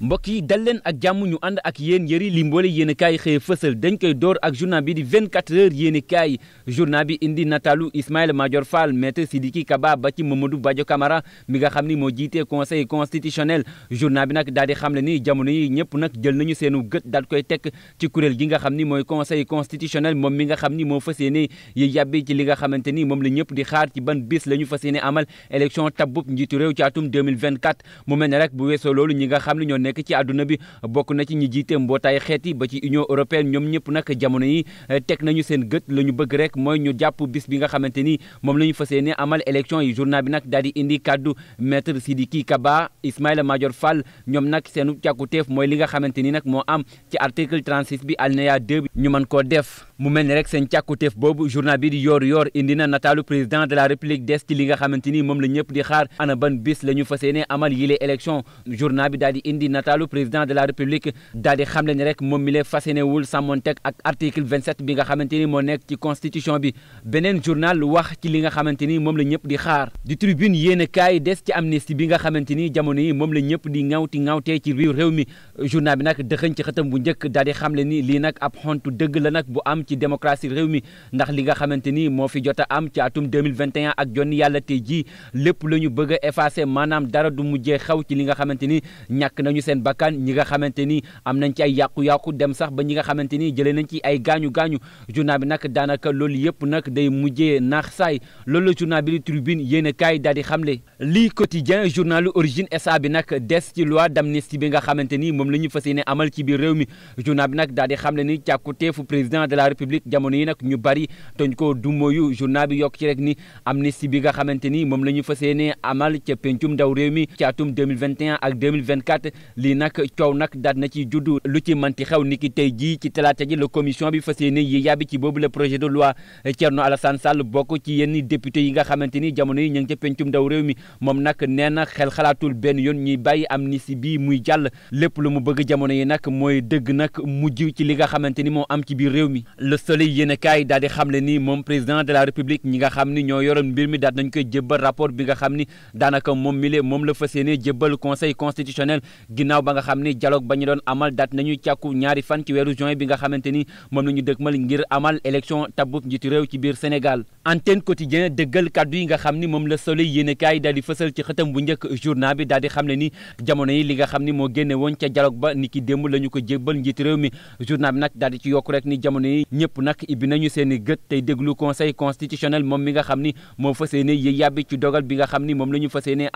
mbokk yi dal leen ak jàmm ñu ànd ak yéen yëri li mboole yéen a kaay xëy fësal dañ koy door ak journal bi di 24 heures yéen i kaay journal bi indi nataalu Ismaïla Madior Fall maître Sidiki Kaba ba ci Mamadou Badio Camara mi nga xam ni moo jiitee conseil constitutionnel journal bi nag daal di xam le ni jamono yi ñëpp nag jël nañu seenu gët daal koy teg ci kuréel gi nga xam ni mooy conseil constitutionnel moom mi nga xam ni moo fas yéene yi yàbbi ci li nga xamante ni moom la ñëpp di xaar ci ban bis la ñu fas yéene amal élection tabub njiitu réew ci atum 2024 mu mel ne loolu ñi nga xam ne ñoo nekk ci àdduna bi bokk na ci ñi jiite mbootaay xeet yi ba ci union européenne ñoom ñëpp nag jamono yi eh, teg nañu seen gët la ñu bëgg rek mooy ñu jàpp bis bi nga xamante ni moom la ñu fas yéene amal élection yi journal bi nag daal di indi kàddu maître Sidiki Kaba Ismaïla Madior Fall ñoom nag seenu càkkuteef mooy li nga xamante ni nag moo am ci article 36 bi alinéa 2 bi ñu koo def mu mel ni rek seen càkkuteef boobu journal bi di yoor yoor indi na nataalu président de la république des ci li nga xamante ni moom la ñëpp di xaar ana ban bis la ñu nataalu président de la république daal di xam le ni rek moom mi lee fasenewul sàmmonteg ak article bi nga xamante ni moo nekk ci constitution bi beneen journal wax ci li nga xamante moom la ñëpp di xaar di tribune yéen kaay des ci amnistie bi nga xamante ni jamono yi moom la ñëpp di ŋawti ŋawtee ci réew réew mi journal bi nag dëxëñ ci xëtam bu njëkk daal di xam le ni lii nag ab xontu dëgg la nag bu am ci démocratie réew mi ndax li nga xamante ni moo fi jot am ci atum 2021 ak jonni yàlla tey jii lépp la ñu bëgg a effacer maanaam dara du mujjee xaw li nga xamante ni ñàkk nañu seen bakkan ñi nga xamante ni am nañ ci ay yàqu-yàqu dem sax ba ñi nga xamante ni jëlee nañ ci ay gaañu gaañu journal bi nag daanaka loolu yëpp nag day mujjee naax saay loolu la journal bi di tribune yéen a kaay daal di xamle lii quotidien journalu origine SA bi nag des ci loi d'amnistie bi nga xamante ni moom la ñu fas yéene amal ci biir réew mi journal bi nag daal di xamle ni càkkuteefu président de la république jamono yi nag ñu bari dañ ko du mooyu bi yokk ci rek ni amnistie bi nga xamante ni moom la ñu fas yéene amal ca pencum ndaw réew mi ci atum 2021 vingt 2024 lii nag coow nag daat na ci judd lu ci mënti xew ni ki tey jii ci talaata ji la commission bi fas yéene yi yàbbi ci boobu la projet de loi Thierno Alassane Sall bokk ci yenn député yi nga xamante ni jamono yi ñu ngi ca pencum ndaw réew mi moom nag nee na xel xalaatul benn yoon ñuy bàyyi si bii muy jàll lépp lu mu bëgg jamono yi nag mooy dëgg nag mujj ci li nga xamante ni moo am ci biir réew mi la soleil yéene kaay daal di xamle ni moom président de la république ñi nga xam ni ñoo yoroon mbir mi daal nañ koy jébbal rapport bi nga xam ni daanaka moom mi le moom la fas yéene jébbal conseil constitutionnel ginnaaw ba nga xam ni dialogue ba ñu doon amal daat nañuy càkku ñaari fan ci weeru juin bi nga xamante ni moom la ñu dëgmal ngir amal élection tabub njiitu réew ci biir Sénégal antenne quotidien dëggal kàddu yi nga xam ni moom la soleil yéenekaay daal di fësal ci xëtam bu njëkk journal bi daal di xam ne ni jamono yi li nga xam ni moo génne woon ca dialogue ba ni ki démb la ñu ko jébbal njiitu réew mi journal bi nag daal di ci yokk rek ni jamono yi ñëpp nag ibbi nañu seen i gët tey déglu conseil constitutionnel moom mi nga xam ni moo fas yéene yëy yàbbi ci dogal bi nga xam ni moom la ñu fas yéene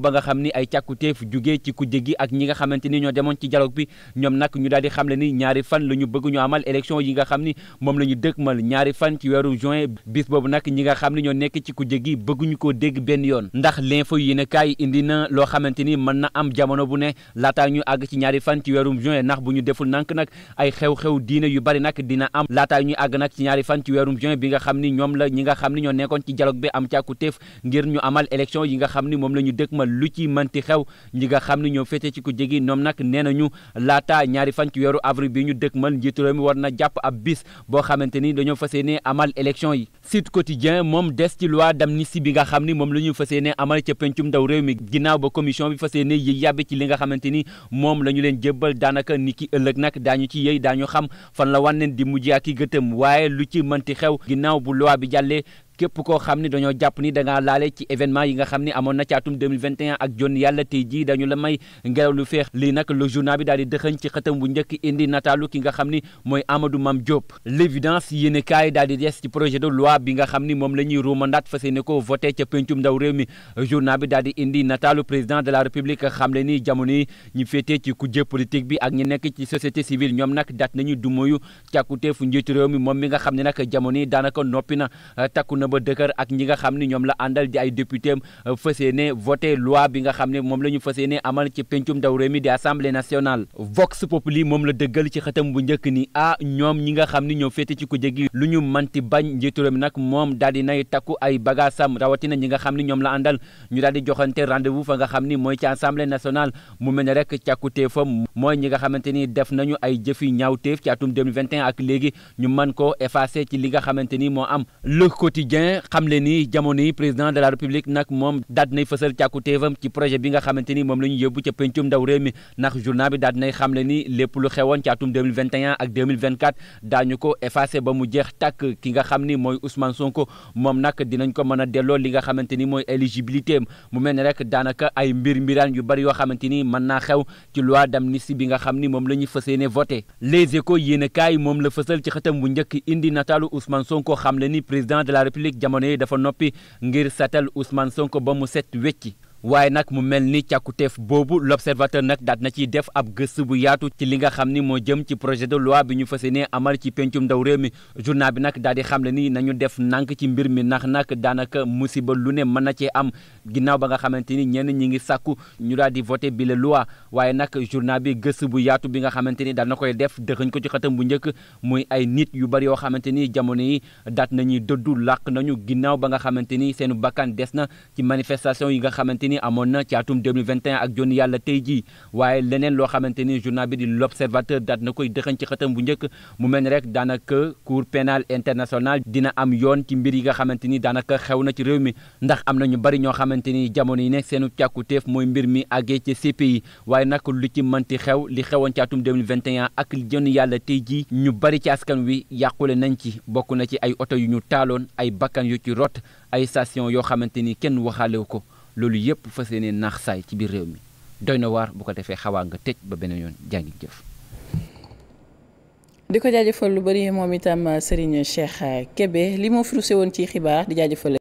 ba nga xam ni ay càkkuteef jugee gi ak ñi nga xamante ni ñoo demoon ci dialogue bi ñoom nag ñu daal di xamle ni ñaari fan la ñu bëgg ñu amal élection yi nga xam ni moom la ñu dëkkmal ñaari fan ci weeru juin bis boobu nag ñi nga xam ni ñoo nekk ci kujje gi bëgguñu koo dégg benn yoon ndax l'info yi ne indi na loo xamante ni mën na am jamono bu ne laataa ñu àgg ci ñaari fan ci weerum juin ndax bu deful nank nag ay xew-xew diine yu bari nag dina am laataa ñu àgg nag ci ñaari fan ci weerum juin bi nga xam ni ñoom la ñi nga xam ni ñoo nekkoon ci dialogue bi am càkkutéef ngir ñu amal élection yi nga xam ni moom la ñu dëkkmal lu ci mënti xew ñi nga xam ni ñoo féete ci ku jegi ñoom nag nee nañu laata ñaari fan ci weeru avril bi ñu dëkkmal njiitu réew mi war na jàpp ab bis boo xamante ni dañoo fas yéene amal élection yi Sud Quotidien moom des ci loi d'amnistie bi nga xam ni moom la ñu fas yéene amal ca pencum ndaw réew mi ginnaaw ba commission bi fas yéene yëy yàbbi ci li nga xamante ni moom la ñu leen jébbal daanaka ni ki ëllëg nag daañu ci yëy daañu xam fan la wànneen di mujj ak i gëtëm waaye lu ci mënti xew ginnaaw bu loi képp ko xam ne dañoo jàpp ni da ngaa laale ci événement yi nga xam ne amoon na ci atum 2021 ak jon yàlla tey jii dañu la may ngelaw lu feex lii nag le journal bi daal di dëxëñ ci xëtam bu njëkk indi nataalu ki nga xam ni mooy Amadou Mame Diop l'évidence yéene kaay daal di des ci projet de loi bi nga xam ni moom la ñuy ruumandaat fas yéene ko voté ca pencum ndaw réew mi journal bi daal indi nataalu président de la république xam le ni jamono yi ñu féetee ci kujje politique bi ak ñi nekk ci société civile ñoom nag daat nañu dumoyu càkkutee mi moom mi nga xam ne nag jamono yi daanaka noppi na ba dëkkër ak ñi nga xam ne ñoom la àndal di ay député am euh, fas yéene voté loi bi nga xam ne moom la ñu fas amal ci pencum ndaw réew di assemblée nationale Vox Populi moom la dëggal ci xëtam bu njëkk ni ah ñoom ñi nga xam ni ñoo féete ci ku jégi lu ñu manti bañ njiitu réew mi nag moom daal di nay takku ay bagaasam rawatina ñi nga xam ne ñoom la àndal ñu daal di joxante rendez-vous fa nga xam ni mooy ci assemblée nationale mu mel ne rek càkkutéefam mooy ñi nga xamante ni def nañu ay jëfi ñaawteef ci ci li nga xamante ni moo am le Quotidien xam le ni jamono yi président de la république nag moom daat nay fësal càkku téefam ci projet bi nga xamante ni moom la ñu yóbbu ca péncum ndaw réew mi ndax journal bi daat nay xam le ni lépp lu xewoon ci atum 2021 ak daañu ko effacé ba mu jeex ki nga xam ni mooy Ousmane Sonko moom nag dinañ ko mën a li nga xamante ni mooy éligibilité mu mel rek daanaka ay mbir mbiraan yu bari yoo xamante xew ci loi d'amnistie bi nga xam ni moom la ñuy fas yéene a kaay le ni publique jamono yi dafa noppi ngir satal Ousmane Sonko ba mu set wecci waaye nag mu mel ni càkkuteef boobu l'observateur nag daat na ciy def ab gëstu bu yaatu ci li nga xam ni moo jëm ci projet de loi bi ñu fas yéene amal ci pencum ndaw réew mi journal bi nag daal di xamle ni nañu def nànk ci mbir mi ndax nag daanaka musiba lu ne mën na cee am ginnaaw ba nga xamante ni ñenn ñi ngi sàkku ñu daal di voté bi la loi waaye nag journal bi gëstu bu yaatu bi nga xamante ni dal na koy def dëxëñ ko ci xatam bu njëkk muy ay nit yu bari yoo xamante ni jamono yi daat nañuy dëddu làq nañu ginnaaw ba nga xamante ni seenu bakkan des na ci manifestation yi nga xamante ni amoon na ci atum 2021 ak jonni yàlla tey jii waaye leneen loo xamante ni journal bi di l'observateur daat na koy dëxëñ ci xatam bu njëkk mu mel ni rek daanaka cour pénal international dina am yoon ci mbir yi nga xamante ni daanaka xew na ci réew mi ndax am na ñu bari ñoo xamante xamante ni jamono yi nekk seenu càkkutéef mooy mbir mi àggee ci CPI waaye nag lu ci mënti xew li xewoon ci ak jënn yàlla tey jii ñu bari ci wi yàqule nañ ci bokk na ci ay oto yu ñu taaloon ay bakkan yu ci rot ay station yoo xamante ni kenn waxaalewu ko loolu yépp fas yéene naax saay ci biir réew mi doy na waar bu ko defee xawaa nga tëj ba beneen yoon jàngi jëf di ko jaajëfal lu